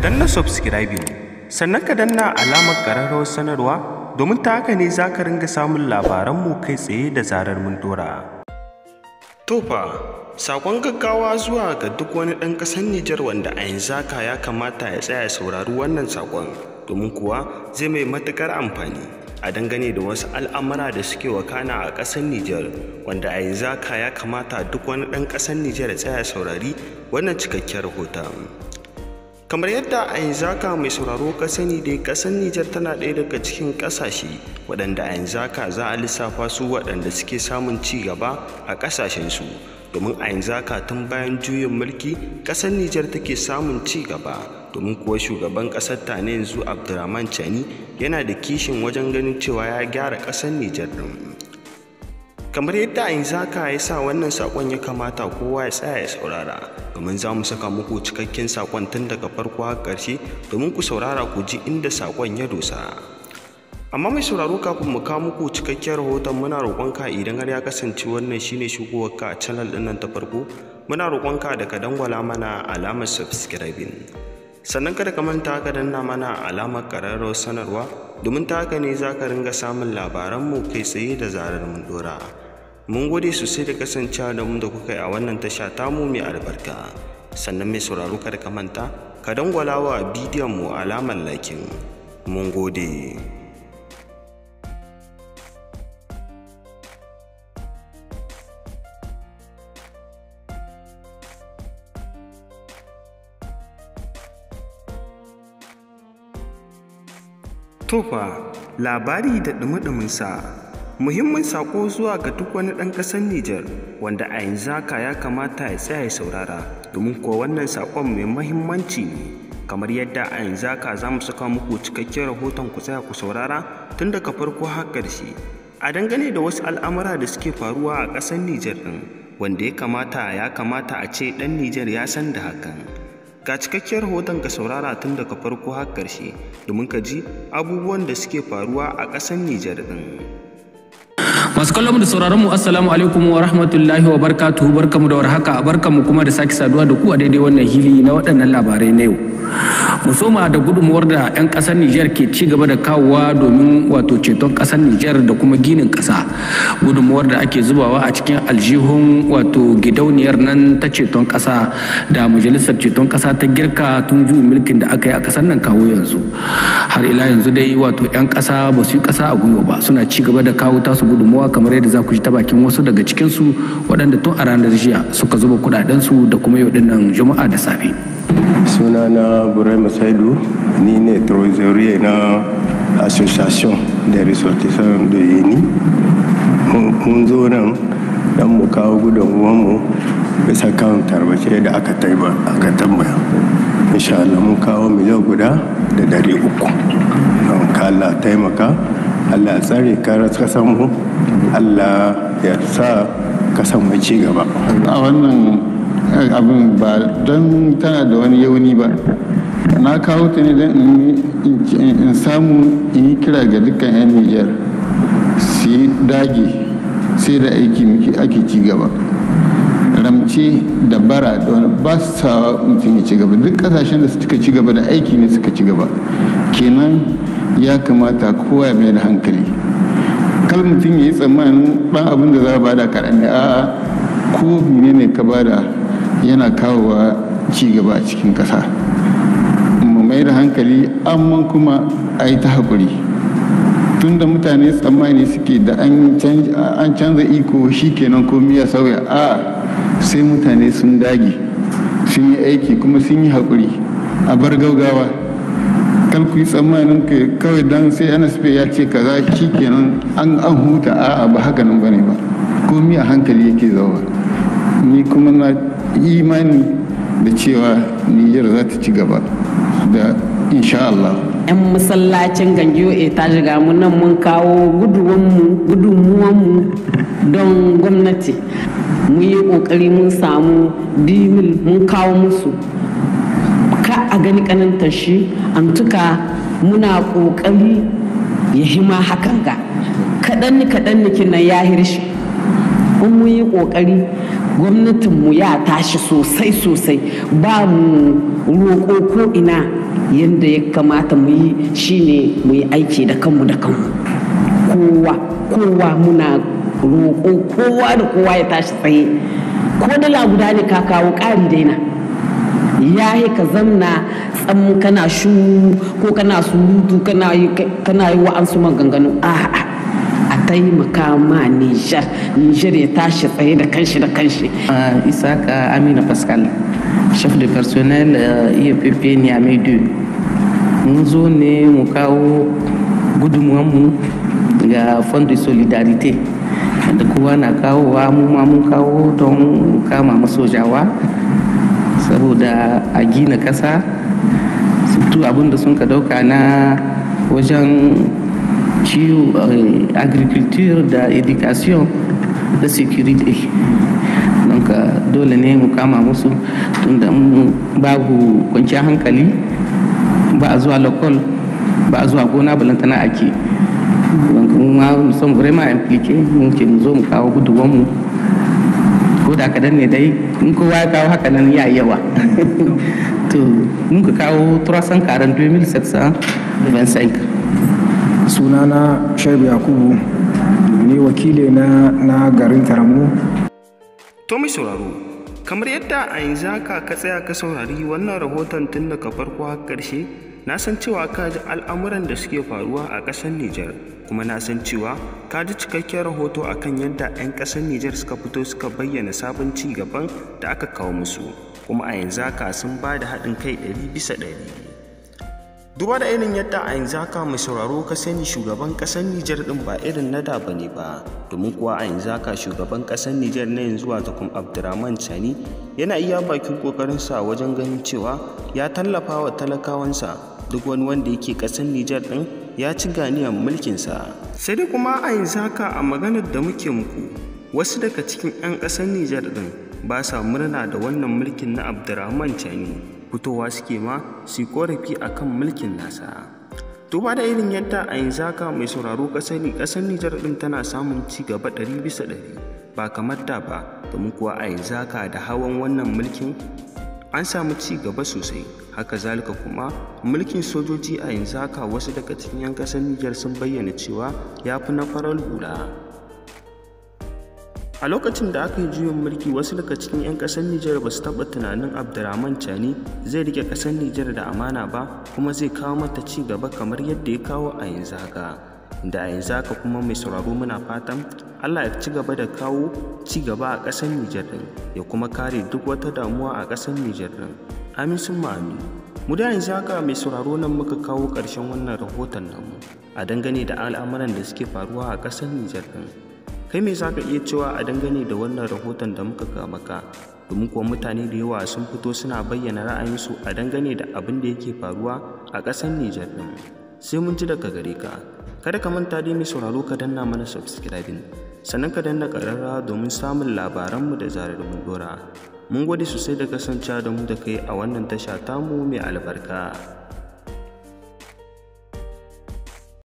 danna subscribing sannan ka danna alamar ƙararrawar sanarwa domin ta haka ne za ka ringa samun labaranmu kai tsaye da zarar mun dora. Tofa, sakon gaggawa zuwa ga duk wani ɗan ƙasar Nijar wanda a yanzu haka ya kamata ya tsaya saurari wannan sakon domin kuwa zai mai matuƙar amfani. a dangane da wasu al'amura da suke wakana a ƙasar Nijar wanda a yanzu haka ya kamata duk wani ɗan ƙasar Nijar ya tsaya saurari wannan cikakkiyar rahoton. kamar yadda a yanzu haka mai sauraro ka sani dai kasar Nijar tana ɗaya daga cikin ƙasashe waɗanda a yanzu haka za a lissafa su waɗanda suke samun ci gaba a ƙasashensu domin a yanzu haka tun bayan juyin mulki ƙasar Nijar take samun ci gaba domin kuwa shugaban ƙasar ta na yanzu abdulrahman Chani yana da kishin wajen ganin cewa ya gyara ƙasar Nijar din kamar yadda a ka ya sa wannan saƙon ya kamata kowa ya tsaya ya saurara domin za mu saka muku cikakken saƙon tun daga farko har ƙarshe domin ku saurara ku ji inda saƙon ya dosa amma mai sauraro kafin mu kawo muku cikakken rahoton muna roƙonka idan har ya kasance wannan shine ka a channel ɗin nan ta farko muna roƙonka da ka dangwala mana alamar subscribing sannan kada ka manta ka danna mana alamar ƙararrawar sanarwa domin ta haka ne za ka ringa samun labaranmu kai tsaye da zarar mun dora mun gode sosai da kasancewa da mu da kuka yi a wannan tasha tamu mai albarka sannan mai sauraro kada ka manta ka dangwala wa bidiyon mu alamar lakin mun gode Tofa labari da ɗumi-ɗuminsa muhimmin sako zuwa ga duk wani ɗan ƙasar Nijar wanda a yanzu haka ya kamata ya tsaya ya saurara domin kuwa wannan sakon mai mahimmanci ne kamar yadda a yanzu haka za mu saka muku cikakken rahoton ku tsaya ku saurara tun daga farko har ƙarshe a dangane da wasu al'amura da suke faruwa a ƙasar Nijar ɗin wanda ya kamata ya kamata a ce ɗan Nijar ya san da hakan ga cikakken rahoton ka saurara tun daga farko har ƙarshe domin ka ji abubuwan da suke faruwa a ƙasar Nijar ɗin. masu kallon mu da sauraron mu assalamu alaikum wa rahmatullahi wa barkatuhu barkamu da warhaka barkamu kuma da sake saduwa da ku a daidai wannan hili na waɗannan labarai na yau mu da gudunmuwar da 'yan kasar Nijar ke ci gaba da kawowa domin wato ceton kasar Nijar da kuma ginin kasa gudunmuwar da ake zubawa a cikin aljihun wato gidauniyar nan ta ceton kasa da majalisar ceton kasa ta girka tun juyin mulkin da aka yi a kasar nan kawo yanzu har ila yanzu dai wato 'yan kasa ba su yi kasa a gwiwa ba suna ci gaba da kawo tasu gudunmuwa kamar yadda za ku ji ta bakin wasu daga cikinsu waɗanda tun a ranar jiya suka zuba kuɗaɗensu da kuma yau dinnan juma'a da safe sunana burai Saidu, ni ne trésorerie na association des ressortissants de yeni mun zo nan don mu kawo gudunmuwanmu bisa kan tarbace da aka tambaya insha Allah kawo miliyan guda da dari uku don kala taimaka Allah tsare karas kasanmu Allah ya sa kasan mai ci gaba a wannan eh, abin ba don tana da wani yauni ba na kawo ta ne don in samu in yi kira ga dukkan 'yan niger su yi dage sai da aiki muke ake ci gaba ramce da bara da wani ba su sawa mutum ya ci gaba duk kasashen da suka ci gaba da aiki ne suka ci gaba kenan ya kamata kowa ya mai da hankali kal mutum ya yi tsammanin ɗan abin da za a bada kaɗan ne a'a ko ne ka bada yana kawowa ci gaba a cikin ƙasa mai da hankali amma kuma a yi ta haƙuri tunda mutane tsammani suke da an canza iko shi kenan komi ya sauya a sai mutane sun dage sun yi aiki kuma sun yi haƙuri a bar gaugawa kar ku yi tsammanin kawai don sai nsp ya ce kaza shi kenan an an huta a ba haka nan ba ne ba komi a hankali yake zawa ni kuma na imani da cewa nijar za ta ci gaba da insha 'yan masallacin gangiyo e ta shiga mu nan mun kawo gudunmuwanmu don gwamnati mu yi kokari mun samu dimil mun kawo musu ka a gani kanantar shi tuka muna kokari ya hima hakan ga kaɗan ni kaɗan ni kinan ya hirshi kun mun yi kokari gwamnatinmu ya tashi sosai sosai ba mu roƙo ko ina yadda ya kamata mu yi shine mu yi aiki da kanmu da kanmu kowa kowa muna roƙo kowa da kowa ya tashi tsaye ko dala guda ne ka kawo ƙari daina ya yi ka zamna tsam kana shu ko kana surutu kana yi wa'ansu maganganu a'a a taimaka ma nijar nijar ya tashi tsaye da kanshi da kanshi ah, isaka ah, amina pascal chef de personnel euh, IEPP Niamey 2 mun ne mu kawo gudunmu ga fond de solidarité da kowa na kawowa mu mwamu mun kawo don kama wa. saboda a gina kasa surtu abinda sun ka na wajen ciwo eh, agriculture da education da security haka dole ne mu kama musu tunda babu kwanciyar hankali ba a zuwa lokal ba a zuwa gona balantana ake ma son vraiment impliqué mun ce mu zo mu kawo guduwanmu ko da kadan ne dai in kowa ya kawo haka nan ya yawa to mun ka kawo 342,725 sunana shaibu yakubu ne wakili na garin taramu To mai sauraro, kamar yadda a yanzu haka ka tsaya ka saurari wannan rahoton tun daga farko har ƙarshe, na san cewa ka ji al'amuran da suke faruwa a ƙasar Nijar, kuma na san cewa ka ji cikakken rahoto akan yadda 'yan ƙasar Nijar suka fito suka bayyana sabon ci gaban da aka kawo musu, kuma a yanzu haka sun ba da haɗin kai ɗari bisa ɗari. duba da irin yadda a yanzu haka mai sauraro ka sani shugaban kasar Nijar din ba irin na da bane ba domin kuwa a yanzu haka shugaban ƙasar Nijar na yanzu a zakum Abdurrahman Sani yana iya bakin kokarin sa wajen ganin cewa ya tallafa wa talakawansa duk wani wanda yake ƙasar Nijar din ya ci ganiyar mulkinsa sai dai kuma a yanzu haka a maganar da muke muku wasu daga cikin 'yan ƙasar Nijar din ba sa murna da wannan mulkin na Abdurrahman Sani fitowa suke ma su korafi a kan mulkin nasa duba da irin yadda a yanzu haka mai sauraro kasar nijar ɗin tana samun ci gaba ɗari bisa ɗari ba kamar da ba domin kuwa a yanzu haka da hawan wannan mulkin an samu ci gaba sosai haka zalika kuma mulkin sojoji a yanzu haka wasu daga cikin 'yan ƙasar nijar sun bayyana cewa ya fi na farar hula a lokacin da aka yi juyin mulki wasu daga cikin 'yan ƙasar nijar ba su taɓa tunanin abdulrahman cani zai rike ƙasar nijar da amana ba kuma zai kawo mata ci gaba kamar yadda ya kawo a yanzu haka da a yanzu haka kuma mai sauraro muna fatan allah ya ci gaba da kawo ci gaba a kasar nijar din, ya kuma kare duk wata damuwa a kasar nijar din. amin sun ma'ami mu da yanzu haka mai sauraro nan muka kawo ƙarshen wannan rahoton namu a dangane da al'amuran da suke faruwa a ƙasar nijar din. kai me zaka iya cewa a dangane da wannan rahoton da muka ga maka domin kuwa mutane da yawa sun fito suna bayyana ra'ayinsu a dangane da abin da yake faruwa a ƙasar Nijar ɗin sai mun ji daga gare ka kada ka manta dai mai sauraro ka danna mana subscribing sannan ka danna ƙararra domin samun labaranmu da zarar mun dora mun gode sosai da kasancewa da mu da kai a wannan tasha tamu mai albarka